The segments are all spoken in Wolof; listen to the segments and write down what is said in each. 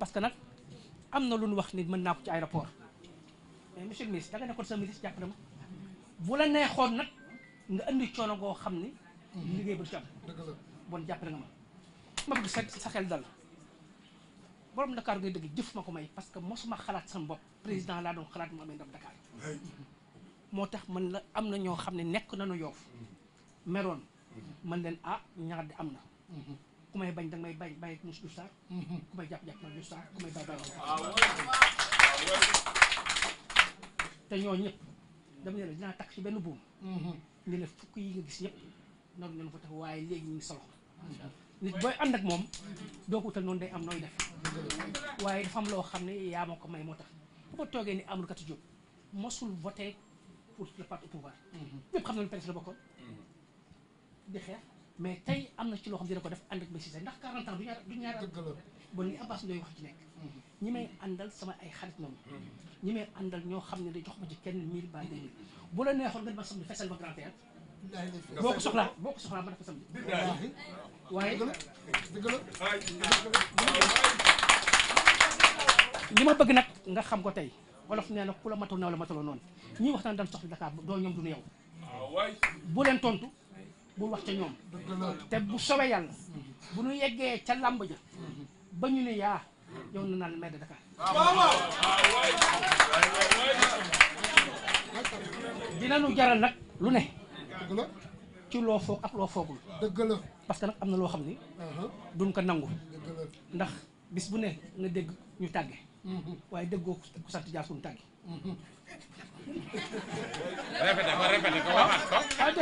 parce que nag am na lu ñu wax ni mën naa ko ci aéroport mais monsieur le ministre da nekkoon sa ministre jàpp na ma bu la neexoon nag nga indi coono goo xam ni liggéey ba du ci bon jàpp na nga ma ma bëgg sa sa xel dal borom Dakar ngay dëgg ma ko may parce que mosuma xalaat sama bopp président laa doon xalaat mu amee ndam moo tax man la am na ñoo xam ne nekk nañu yoof meroon man leen ah ñaar di am na mhm. ku may bañ danga may bàyyi bàyyi mos du saar ku may jàpp-jàpp man du saar ku may bàyyi bàyyi te ñoo ñëpp dama ne la dinaa takk ci benn buum mhm. ñu ne fukk yi nga gis yëpp noonu leen fa tax waaye léegi ñu ngi solo nit moom doo ko utal noonu day am nooy def waaye dafa am loo xam ne yaa ko may moo tax bu ko toogee ni Amadou Kati Diop mosul voté pour le parti au pouvoir mhm. ñëpp xam nañu presse la bokkoon di xeex ya? mais tey am na ci loo xam dina ko def ànd ak Mbaye Cissé ndax 40 ans du ñaar du bon ni Abbas Ndoye wax ci nekk mhm. ñi may àndal sama ay xarit noonu mhm. ñi may àndal ñoo xam ne da jox ma ci kenn mille ba deux mille mhm. bu la neexoon nga ma samedi fesal ma grand théâtre boo ko soxlaa boo ko soxlaa ma dafa samedi waaye li ma bëgg nag nga xam ko tey wolof nee na ku la matul naaw la mataloo noonu ñii waxtaan daan soxla Dakar doo ñoom du nu ah, bu leen tontu bul wax ca ñoom te bu soobee yàlla bu nu yeggee ca làmb ja ba ñu ne yaa yow na naan maire de Dakar dinañu jaral nag lu ne ci loo foog ak loo foogul dëgg la parce que nag am na loo xam ni uh-huh. duñ ko nangu ndax bis bu ne nga dégg ñu tàgge mm-hmm. waaye déggoo ku sant jaa suñu tàgge mm-hmm. répété ko répété ko waxaat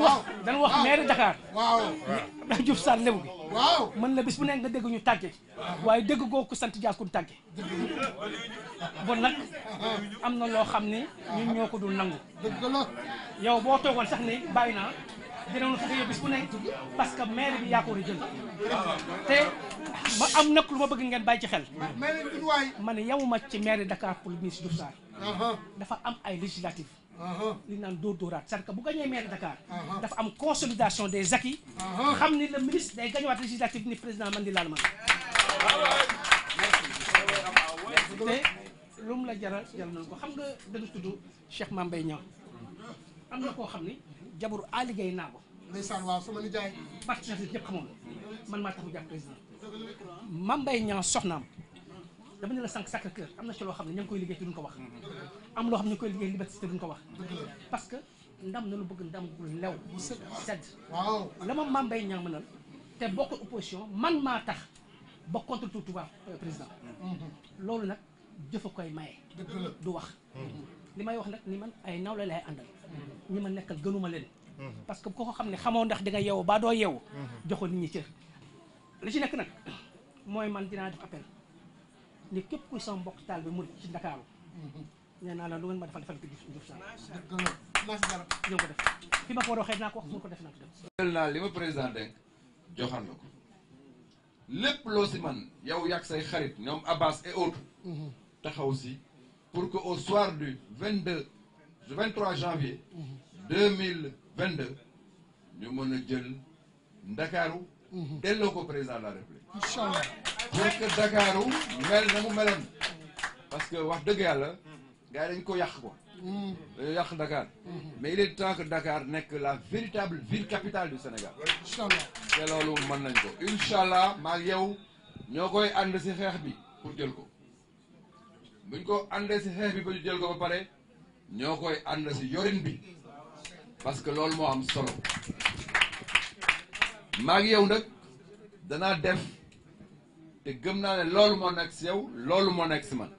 wax dañu wax maire Dakar. waaw ndax Diouf Sarr mën la bis bu nekk nga dégg ñu tàgge. waaye dégg goo sant Dia ku du tàgge. bon nag am na loo xam ne ñun ñoo ko dul nangu. yow boo toogoon sax ni bàyyi naa. dinañu fexe bis bu ne parce que maire bi yaa ko war a jël te ma am nag lu ma bëgg dafa am ay législative li naan dóor dóoraat c'est-à-dire dafa am consolidation des acquis xam ni le ministre day gañuwaat législative ni président man di laal ma te lu mu la jaral jaral nañu ko xam ni jabaru Ali Gueye naa ko. ndeysaan waaw sama nijaay. partenaires yi ñëpp xamoon man maa tax mu jàpp président. Mame Mbaye Niang soxnaam. dama ne la sànq Sacré Cœur am na ci loo xam ne ña ngi koy liggéey te duñ ko wax. am loo xam ne ñu koy liggéey liberté te duñ ko wax. parce que ndam na lu bëgg ndam gu lew. bu sedd waaw la ma Mame Mbaye Niang mënal. te bokk opposition man maa tax ba contre tout pouvoir euh, président. Mm-hmm. loolu nag jëfa koy maye. du wax. Mm-hmm. li may wax nag ni man ay nawle laay àndal mm-hmm. ñi ma nekkal gënuma leen mm-hmm. parce que ko ko xam ne xamoo ndax di nga yeewu baa doo yeewu mm-hmm. joxo nit ñi cër li ci nekk nag mooy man dinaa def appel ni képp kuy sa mbokk taal bi murid ci Ndakaaru naa la lu ngeen ma defal defal ko Diouf Sarr dina ko def fi ma ko war a ko wax mun ko def naa ko li ma président denk joxan la ko lépp loo si man yow yàgg say xarit ñoom Abbas et autres taxaw si pour qu'au soir du 22, 23 janvier 2022, ñu mën a jël Ndakaaru delloo ko président de la République pour que Dakarou, mel na mu parce que wax dëgg yàlla gars Y dañ ko yàq quoi mm-hmm. dañoo Dakar mm-hmm. mais il est temps que Dakar que la véritable ville capitale du Sénégal Inshallah. loolu mën nañ ko Inshallah, allah maag yow ñoo koy ànd si bi pour jël ko buñ ko àndee si xeex bi ba ñu jël ko ba pare ñoo koy ànd si yorin bi parce que loolu moo am solo maa ngi yow nag danaa def te gëm naa ne loolu moo nekk si yow loolu moo nekk si man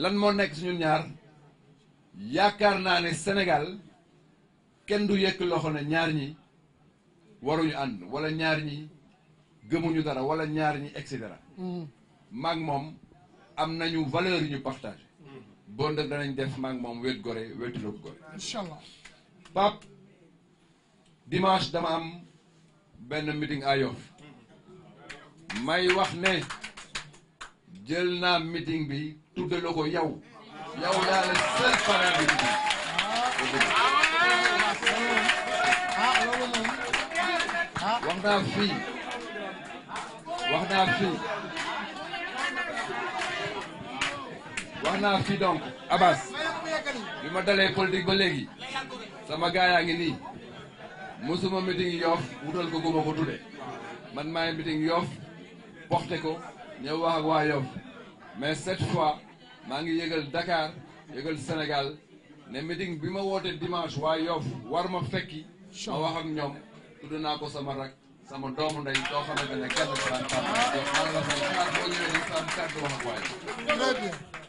lan moo nekk si ñun ñaar yaakaar naa ne Sénégal kenn du yëkk loxo ne ñaar ñi waruñu ànd wala ñaar ñi gëmuñu dara wala ñaar ñi et cetera. Mm. maag moom am nañu valeur yu ñu partagé mm-hmm. bon nag def maag moom wet gore wetu lëpp gore incha dimanche dama am benn meeting à Yoff mm-hmm. may wax ne jël na meeting bi tudde la ko yow yow yaa la seul parrain bi ah, ah. wax naa fii wax naa fii wax naa fii donc Abbas bi ma dalee politique ba léegi sama gaa yaa ngi nii mosuma meeting Yoff wutal ko guma ko tudde man maay meeting Yoff porté ko ñëw wax ak waa Yoff mais cette fois maa ngi yëgal Dakar yëgal Sénégal ne meeting bi ma woote dimanche waa Yoff war ma fekki ma wax ñoom tudd naa ko sama rak sama doom ndey doo xamante ne kenn ku daan tàmm. donc maa ngi la ko wax kàddu boo ñëwee wax ak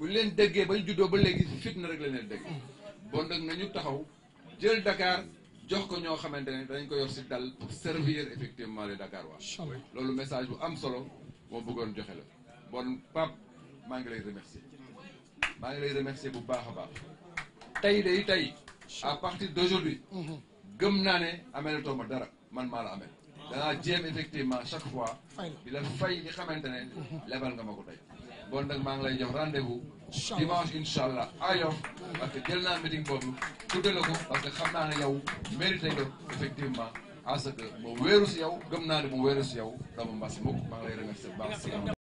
bu leen déggee bañ juddoo ba léegi fitna rek la leen dégg bon nag ñu taxaw jël Dakar jox ko ñoo xamante ne dañ ko yor si dal pour servir effectivement les dakaar waa loolu message bu am solo moo bëggoon joxe la bon Pape maa ngi lay remercier maa ngi lay remercier bu baax a baax tey day tey à partir d'aujourd'hui gëm naa ne amelatoo ma dara man maa la amee danaa jéem effectivement chaque fois di la fay li xamante ne lebal nga ma ko tey bon nag maa ngi lay jox rendez-vous dimanche incha allah ayof parce que jël naa meeting boobu tudde la ko parce que xam naa ne yow mérité nga effectivement à ce que ma si yow gëm naa ne mu wéeru si yow dama mbas mukk maa lay remercier bu baax si